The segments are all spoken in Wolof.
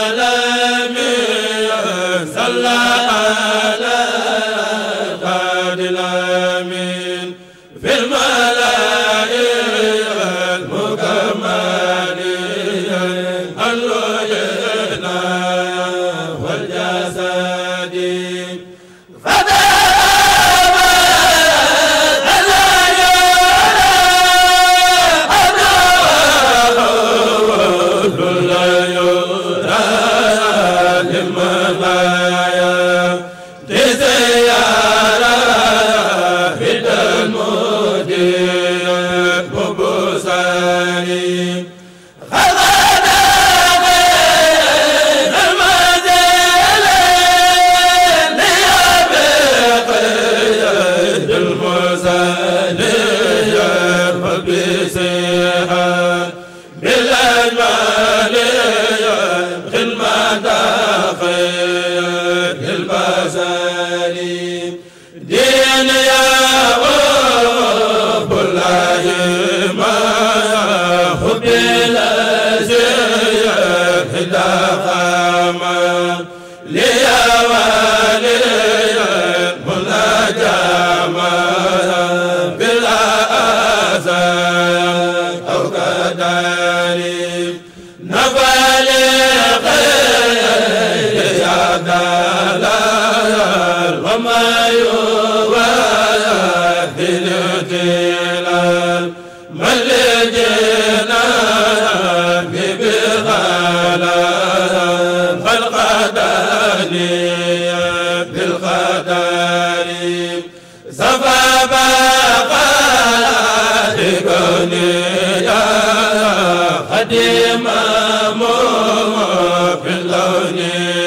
la عليم xadima mo fi lawni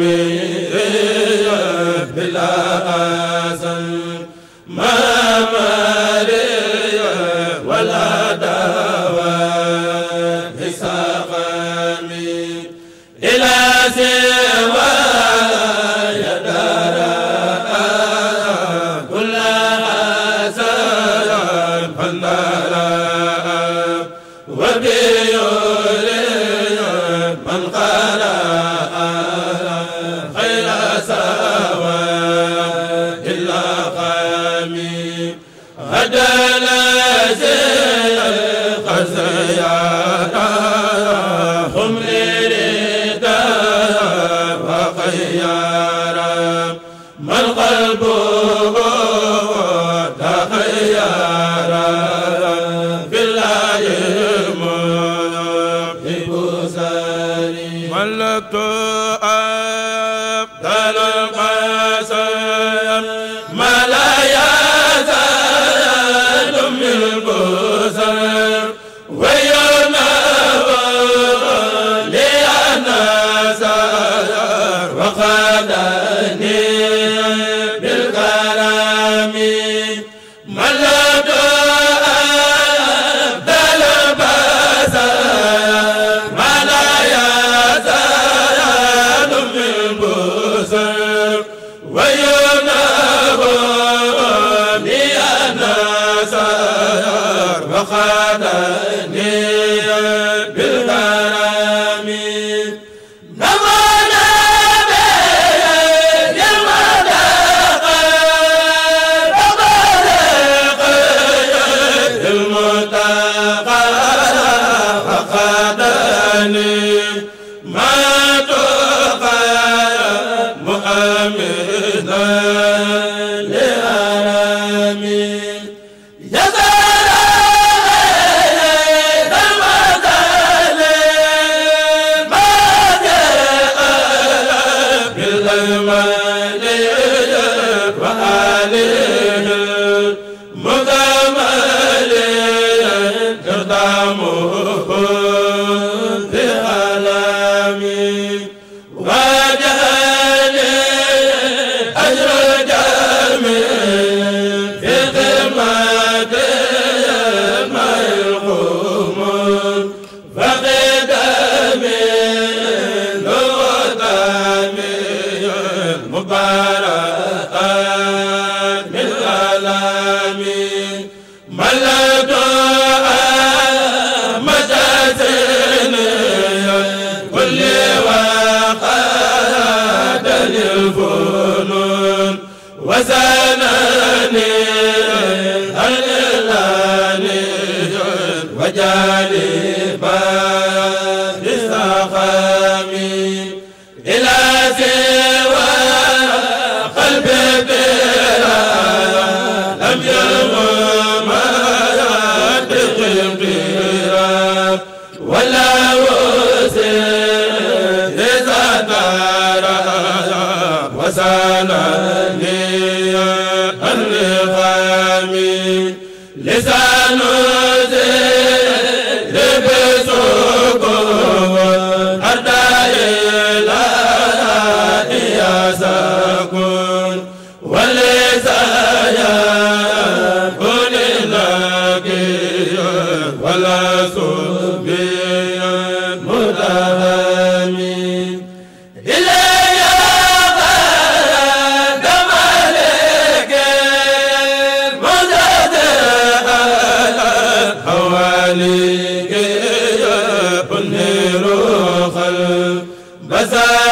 mi a karami ma لسان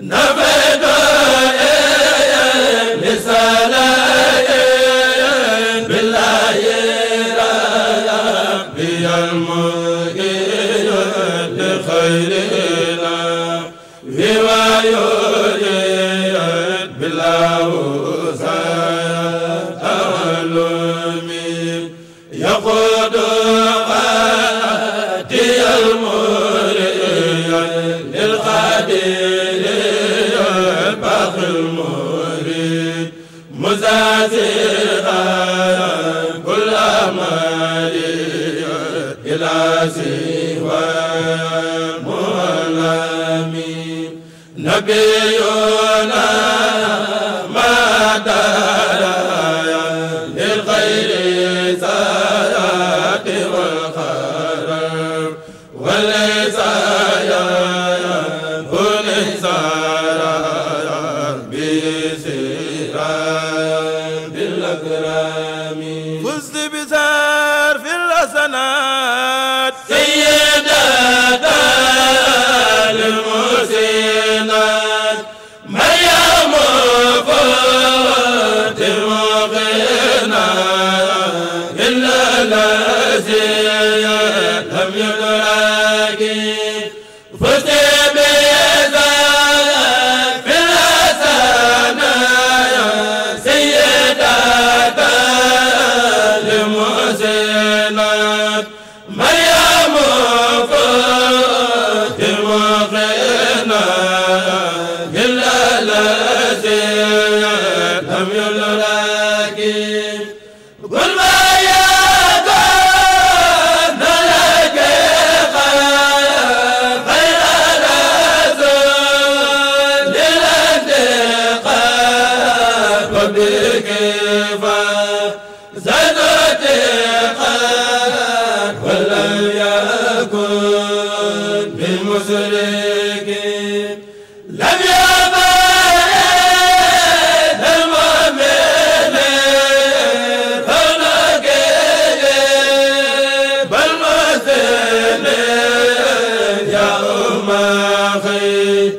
na المهرب مزازقا كل أمال إلى سوى معلم نبينا lana am yollo ma xëy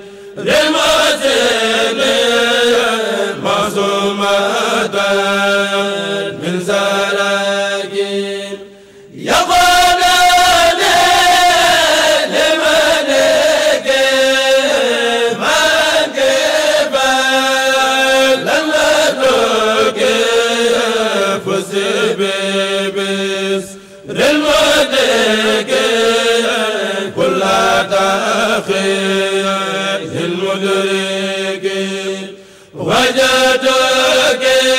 jëtëgee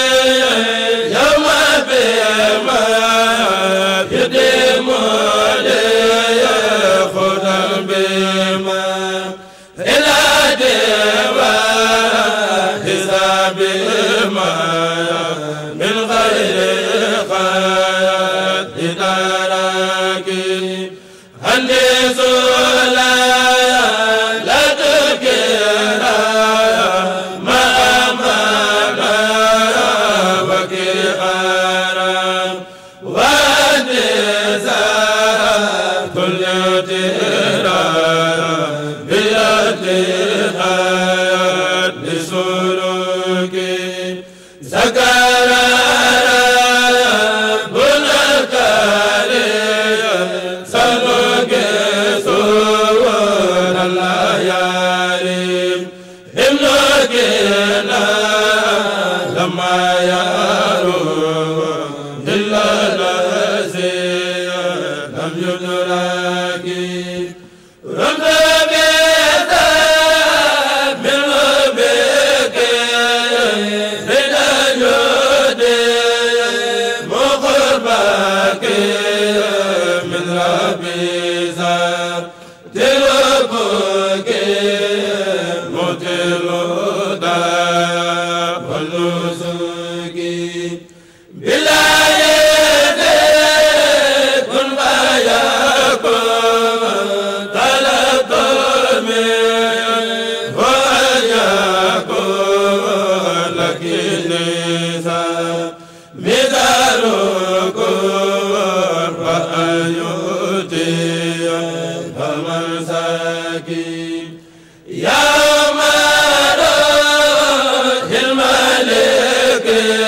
yama bee ma Zaka te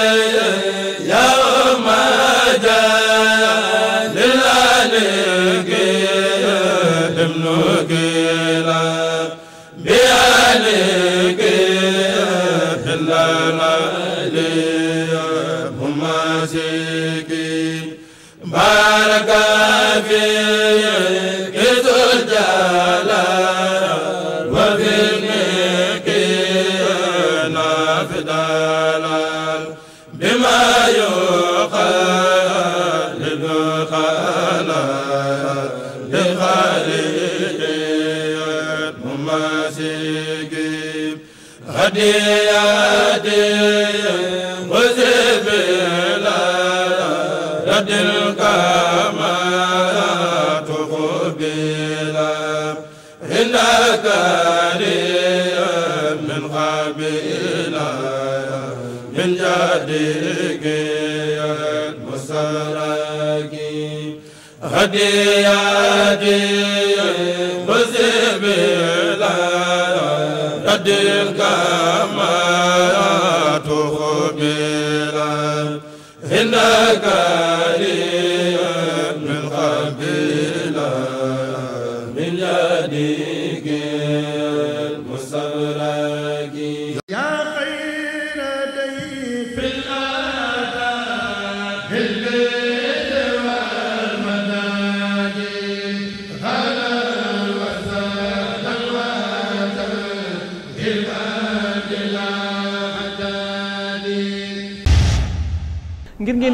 la مسيقي هدية هدية وزيب لا رد الكمال تقبلا إنك من قبيلة من جدك مسرقي هدية هدية وزيب تلك ما تخبر إنك لي من قبل من يدي